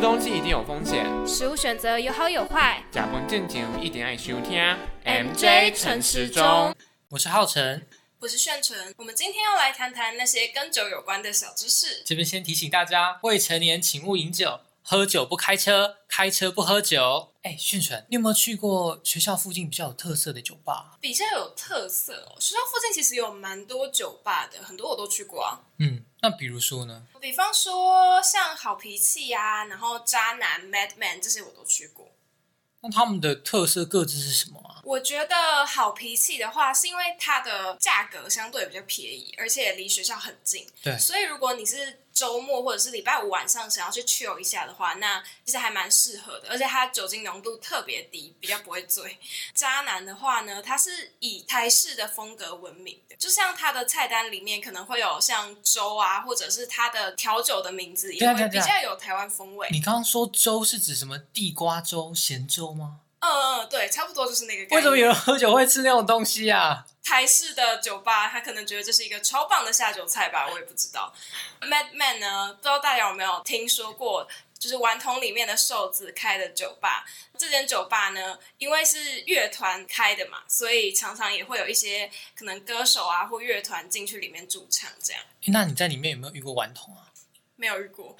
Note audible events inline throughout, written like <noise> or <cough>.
東西一定有風險，食物選擇有好有壞。假扮正經一點愛收聽 MJ 誠食中，我是浩辰，我是炫晨。我們今天要來談談那些跟酒有關的小知識。這邊先提醒大家，未成年請勿飲酒，喝酒不開車，開車不喝酒。哎、欸，炫晨，你有沒有去過學校附近比較有特色的酒吧？比較有特色、哦，學校附近其實有蠻多酒吧的，很多我都去過、啊。嗯。那比如說呢？比方說像好脾氣啊，然後渣男、Madman 這些我都去過。那他們的特色各自是什麼啊？我覺得好脾氣的話，是因為它的價格相對比較便宜，而且離學校很近。對，所以如果你是周末或者是禮拜五晚上想要去 chill 一下的話，那其實還蠻適合的。而且它酒精濃度特別低，比較不會醉。 <laughs> 渣男的話呢，它是以台式的風格聞名的，就像它的菜單裡面可能會有像粥啊，或者是它的調酒的名字也會比較有台灣風味、啊啊啊。你剛剛說粥是指什麼？地瓜粥、鹹粥嗎？對，差不多就是那個感覺。為什麼有人喝酒會吃那種東西啊？台式的酒吧，他可能覺得這是一個超棒的下酒菜吧，我也不知道。Madman 呢？不知道大家有沒有聽說過，就是《頑童》裡面的瘦子開的酒吧。這間酒吧呢，因為是樂團開的嘛，所以常常也會有一些可能歌手啊或樂團進去裡面駐唱這樣。那你在裡面有沒有遇過頑童啊？沒有遇過。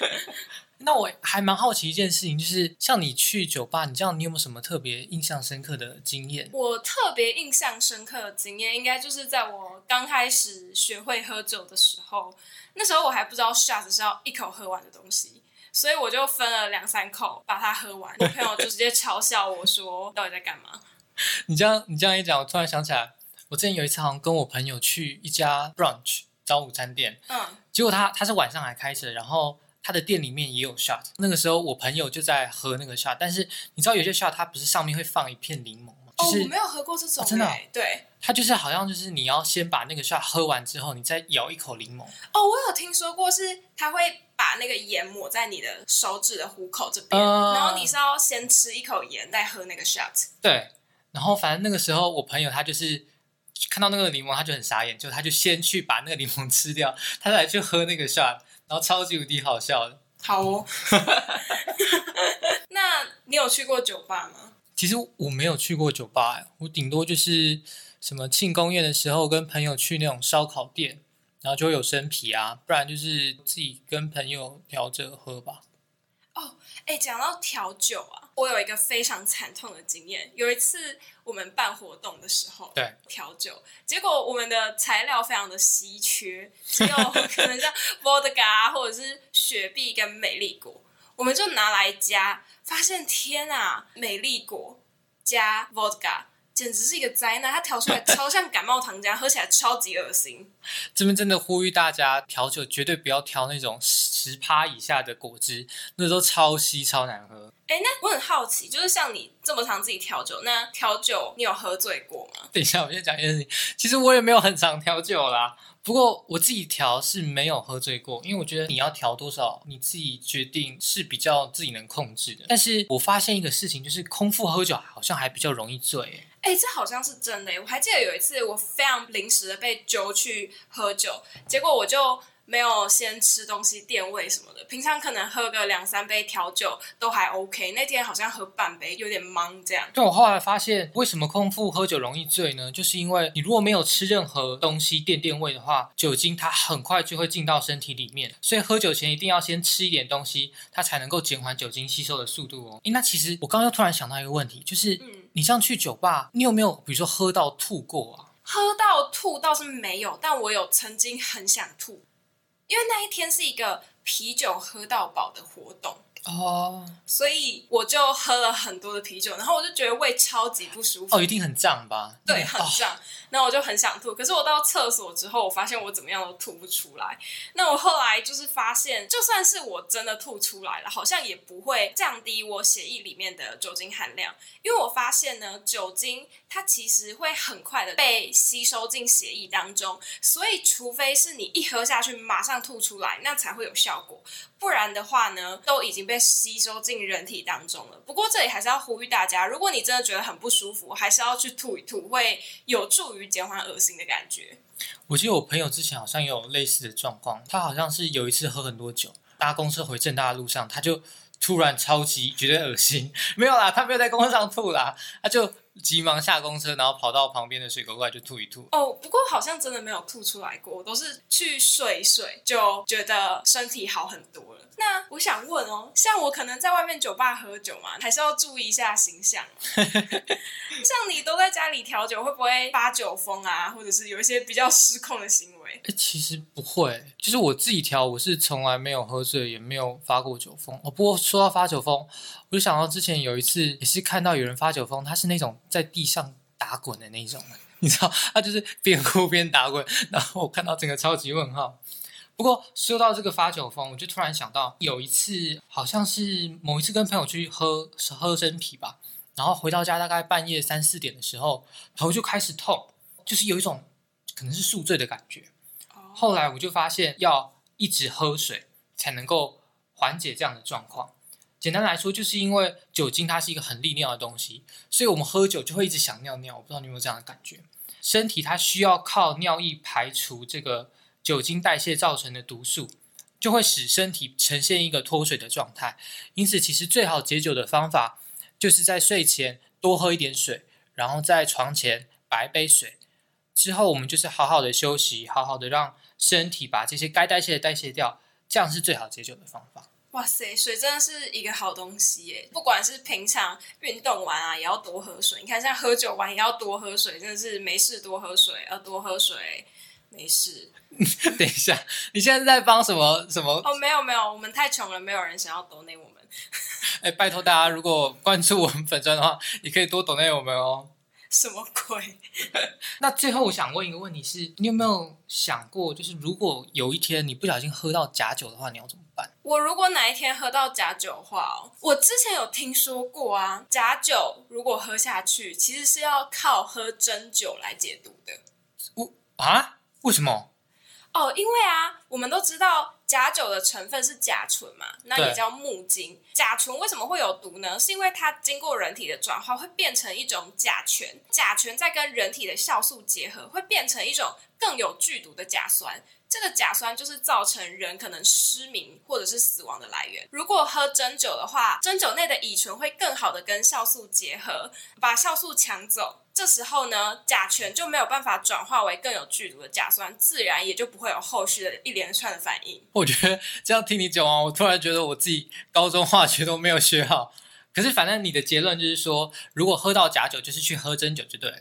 <laughs> 那我還蠻好奇一件事情，就是像你去酒吧，你這樣，你有沒有什麼特別印象深刻的經驗？我特別印象深刻的經驗，應該就是在我剛開始學會喝酒的時候，那時候我還不知道 shot 是要一口喝完的東西，所以我就分了兩三口把它喝完。我朋友就直接嘲笑我說：“到底在幹嘛？” <laughs> 你這樣，你這樣一講，我突然想起來，我之前有一次好像跟我朋友去一家 brunch。早午餐店，嗯，結果他他是晚上還開着，然後他的店裡面也有 shot。那個時候我朋友就在喝那個 shot，但是你知道有些 shot 它不是上面會放一片檸檬嗎、就是？哦，我沒有喝過這種、哦，真的、啊欸，對。它就是好像就是你要先把那個 shot 喝完之後，你再咬一口檸檬。哦，我有聽說過，是他會把那個鹽抹在你的手指的虎口這邊、嗯，然後你是要先吃一口鹽再喝那個 shot。對，然後反正那個時候我朋友他就是。看到那個檸檬，他就很傻眼，就他就先去把那個檸檬吃掉，他再來去喝那個酒，然後超級無敵好笑的，好，哦。 <laughs> <laughs> 那你有去過酒吧嗎？其實我沒有去過酒吧，欸，我頂多就是什麼慶功宴的時候跟朋友去那種燒烤店，然後就會有生啤啊，不然就是自己跟朋友聊着喝吧。哦，哎，講到調酒啊，我有一個非常慘痛的經驗。有一次我們辦活動的時候，對調酒，結果我們的材料非常的稀缺，只有可能像 Vodka <laughs> 或者是雪碧跟美粒果，我們就拿來加，發現天啊，美粒果加 Vodka。簡直是一個災難！它調出來超像感冒糖漿， <laughs> 喝起來超級噁心。這邊真的呼籲大家，調酒絕對不要調那種十趴以下的果汁，那都超稀、超難喝。哎、欸，那我很好奇，就是像你這麼常自己調酒，那調酒你有喝醉過嗎？等一下，我先講一件事情。其實我也沒有很常調酒啦。不過我自己調是沒有喝醉過，因為我覺得你要調多少，你自己決定是比較自己能控制的。但是我發現一個事情，就是空腹喝酒好像還比較容易醉。誒，欸，這好像是真的誒。我還記得有一次，我非常臨時的被揪去喝酒，結果我就。沒有先吃東西墊胃什麼的，平常可能喝個兩三杯調酒都還 OK。那天好像喝半杯有點茫這樣。對，我後來發現，為什麼空腹喝酒容易醉呢？就是因為你如果沒有吃任何東西墊墊胃的話，酒精它很快就會進到身體裡面，所以喝酒前一定要先吃一點東西，它才能夠減緩酒精吸收的速度哦。那其實我剛剛又突然想到一個問題，就是、嗯、你像去酒吧，你有沒有比如說喝到吐過啊？喝到吐倒是沒有，但我有曾經很想吐。因為那一天是一個啤酒喝到飽的活動。哦、oh.，所以我就喝了很多的啤酒，然後我就覺得胃超級不舒服。哦、oh,，一定很脹吧？對，很脹。那、oh. 我就很想吐，可是我到廁所之後，我發現我怎麼樣都吐不出來。那我後來就是發現，就算是我真的吐出來了，好像也不會降低我血液裡面的酒精含量，因為我發現呢，酒精它其實會很快的被吸收進血液當中，所以除非是你一喝下去馬上吐出來，那才會有效果，不然的話呢，都已經被。吸收進人體當中了。不過這裡還是要呼籲大家，如果你真的覺得很不舒服，還是要去吐一吐，會有助於減緩噁心的感覺。我記得我朋友之前好像也有類似的狀況，他好像是有一次喝很多酒，搭公車回政大的路上，他就突然超級覺得噁心。沒有啦，他沒有在公車上吐啦，他就。急忙下公車，然後跑到旁邊的水溝外就吐一吐。哦、oh，不過好像真的沒有吐出來過，我都是去睡一睡，就覺得身體好很多了。那我想問哦，像我可能在外面酒吧喝酒嘛，還是要注意一下形象。 <laughs> <laughs> 像你都在家裡調酒，會不會發酒瘋啊？或者是有一些比較失控的行？哎，其實不會，就是我自己調，我是從來沒有喝醉，也沒有發過酒瘋。哦，不過說到發酒瘋，我就想到之前有一次也是看到有人發酒瘋，他是那種在地上打滾的那種，你知道，他就是邊哭邊打滾。然後我看到整個超級問號。不過說到這個發酒瘋，我就突然想到有一次，好像是某一次跟朋友去喝喝身體吧，然後回到家大概半夜三四點的時候，頭就開始痛，就是有一種可能是宿醉的感覺。後來我就發現，要一直喝水才能夠緩解這樣的狀況。簡單來說，就是因為酒精它是一個很利尿的東西，所以我們喝酒就會一直想尿尿。我不知道你有沒有這樣的感覺，身體它需要靠尿液排除這個酒精代謝造成的毒素，就會使身體呈現一個脫水的狀態。因此，其實最好解酒的方法就是在睡前多喝一點水，然後在床前擺杯水。之後我們就是好好的休息，好好的讓身體把這些該代謝的代謝掉，這樣是最好解酒的方法。哇塞，水真的是一個好東西耶！不管是平常運動完啊，也要多喝水。你看，像喝酒完也要多喝水，真的是沒事多喝水，要、啊、多喝水，沒事。 <laughs> 等一下，你現在在幫什麼什麼？哦，沒有沒有，我們太窮了，沒有人想要抖內我們。哎、 <laughs> 欸，拜托大家，如果關注我們粉專的話，你可以多抖內我們哦。什麼鬼？ <laughs> 那最後我想問一個問題是，是你有沒有想過，就是如果有一天你不小心喝到假酒的話，你要怎麼辦？我如果哪一天喝到假酒的話，我之前有聽說過啊，假酒如果喝下去，其實是要靠喝真酒來解毒的。我啊，為什麼？哦，因為啊，我們都知道。假酒的成分是甲醇嘛，那也叫木精。甲醇為什麼會有毒呢？是因為它經過人體的轉化，會變成一種甲醛。甲醛在跟人體的酵素結合，會變成一種。更有劇毒的甲酸，這個甲酸就是造成人可能失明或者是死亡的來源。如果喝真酒的話，真酒內的乙醇會更好的跟酵素結合，把酵素搶走。這時候呢，甲醛就沒有辦法轉化為更有劇毒的甲酸，自然也就不會有後續的一連串的反應。我覺得這樣聽你講完，我突然覺得我自己高中化學都沒有學好。可是反正你的結論就是說，如果喝到假酒，就是去喝真酒就對了。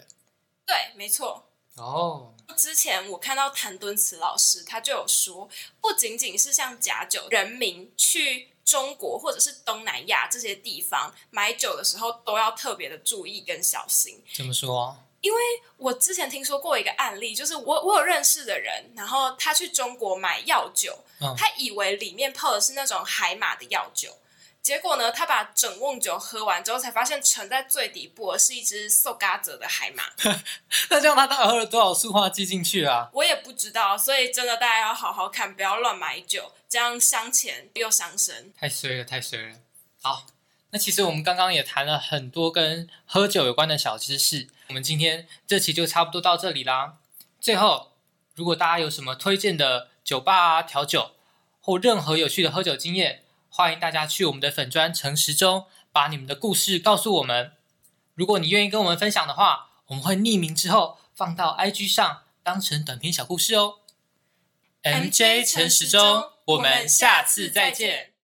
對，沒錯。哦、Oh，之前我看到譚敦慈老師，他就有說，不僅僅是像假酒，人民去中國或者是東南亞這些地方買酒的時候，都要特別的注意跟小心。怎麼說？因為我之前聽說過一個案例，就是我我有認識的人，然後他去中國買藥酒，他以為裡面泡的是那種海馬的藥酒。結果呢？他把整甕酒喝完之後，才發現沉在最底部的是一隻瘦嘎子的海馬。 <laughs> 那這樣他到底喝了多少塑化劑進去啊？我也不知道，所以真的大家要好好看，不要亂買酒，這樣傷錢又傷身。太衰了，太衰了。好，那其實我們剛剛也談了很多跟喝酒有關的小知識。我們今天這期就差不多到這裡啦。最後，如果大家有什麼推薦的酒吧啊、調酒或任何有趣的喝酒經驗，歡迎大家去我們的粉專誠食中，把你們的故事告訴我們。如果你願意跟我們分享的話，我們會匿名之後放到 IG 上，當成短篇小故事哦。MJ 誠食中，我們下次再見。